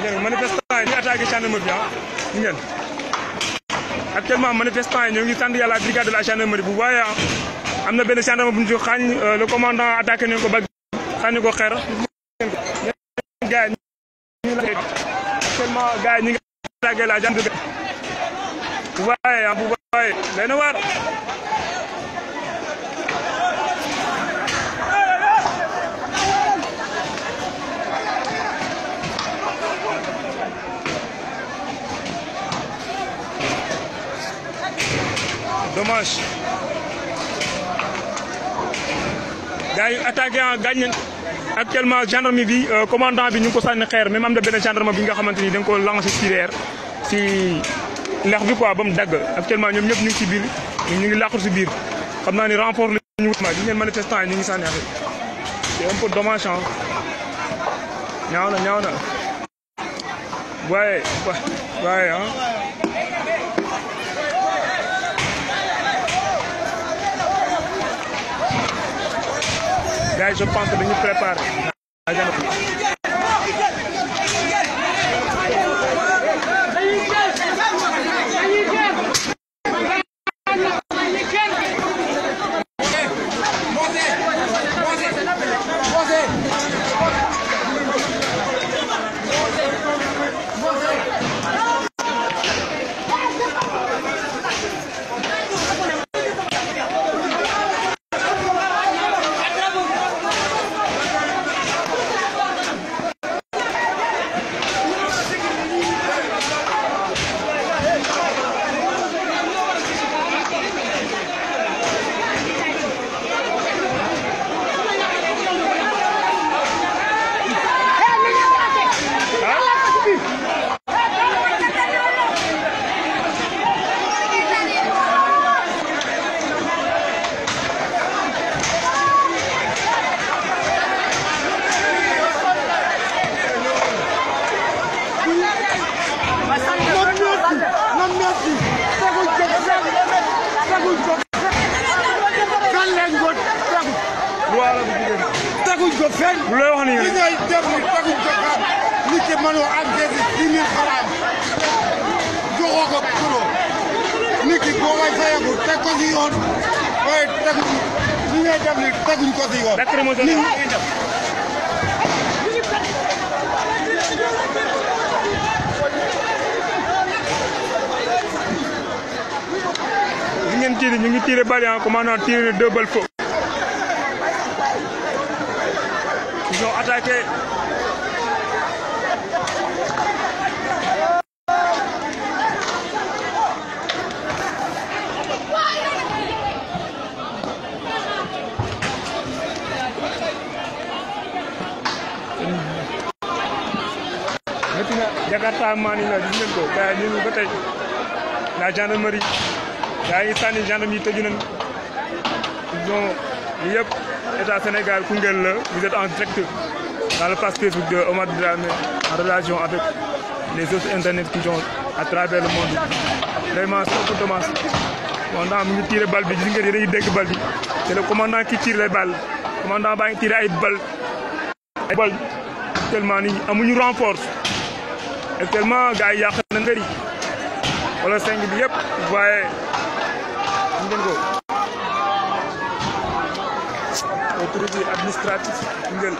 dégg nga manifestant yi ñu attaqué gendarmerie bi ah ngeen actuellement manifestant yi ñoo ngi sant yàlla brigade de la gendarmerie bu waaye ah, am na benn gendarme bu ñu si xaañ euh, le commandant attaqué nañ ko ba xaañ ko xeer. gaa yi ñu ngi actuellement gaa yi la gendarmerie waaye ah, bu waaye day na waar. dommage gars yi attaqué gaañ nañ actuellement gendarmerie bi euh, commandant bi ñu ngi ko sànni xeer même am na benn gendarme bi nga xamante ni da nga ko lancé ci reer ci lex bi quoi ba mu dagg actuellement ñoom ñëpp ñu ngi ci biir ñu ngi làqu si biir xam naa ni renfort la ñu wut ma gis manifestant ñu ngi sànni affaire c'est un peu dommage ah ñaaw na ñaaw na waaye waaye ah mais, eu penso que me preparo. teguñ ko fenn. lu lay wax nii li ngay def ni teguñ ko fenn. nit ki mënoo encaissé dix mille xalaat joxoo kuro. nit ki boo koy fayagu teg ko si yoon waaye teguñ li ngay def ni teguñ ko si yoon. tirer ñu ngi tirer balle en ah, commandant tirer deux balles faux ils ont attaqué Jakarta Manila gis ngeen ko gars yi la gendarmerie ils ngi sànni gendarme yi tëju nañ donc yëpp état Sénégal la vous êtes en direct dans le passé Facebook de Omar Drame en relation avec les autres internet qui sont à travers le monde vraiment c'est beaucoup dommage commandant mu ngi tiré bal bi gis ngeen dañuy dégg bal c'est le commandant qui tire les balles commandant baa ngi tiré ay bal ay bal Tellement, nii amuñu renfort actuellement gars yi yàq na ngari wala seng bi Vous voyez. ngeen ko autorité administrative Koungheul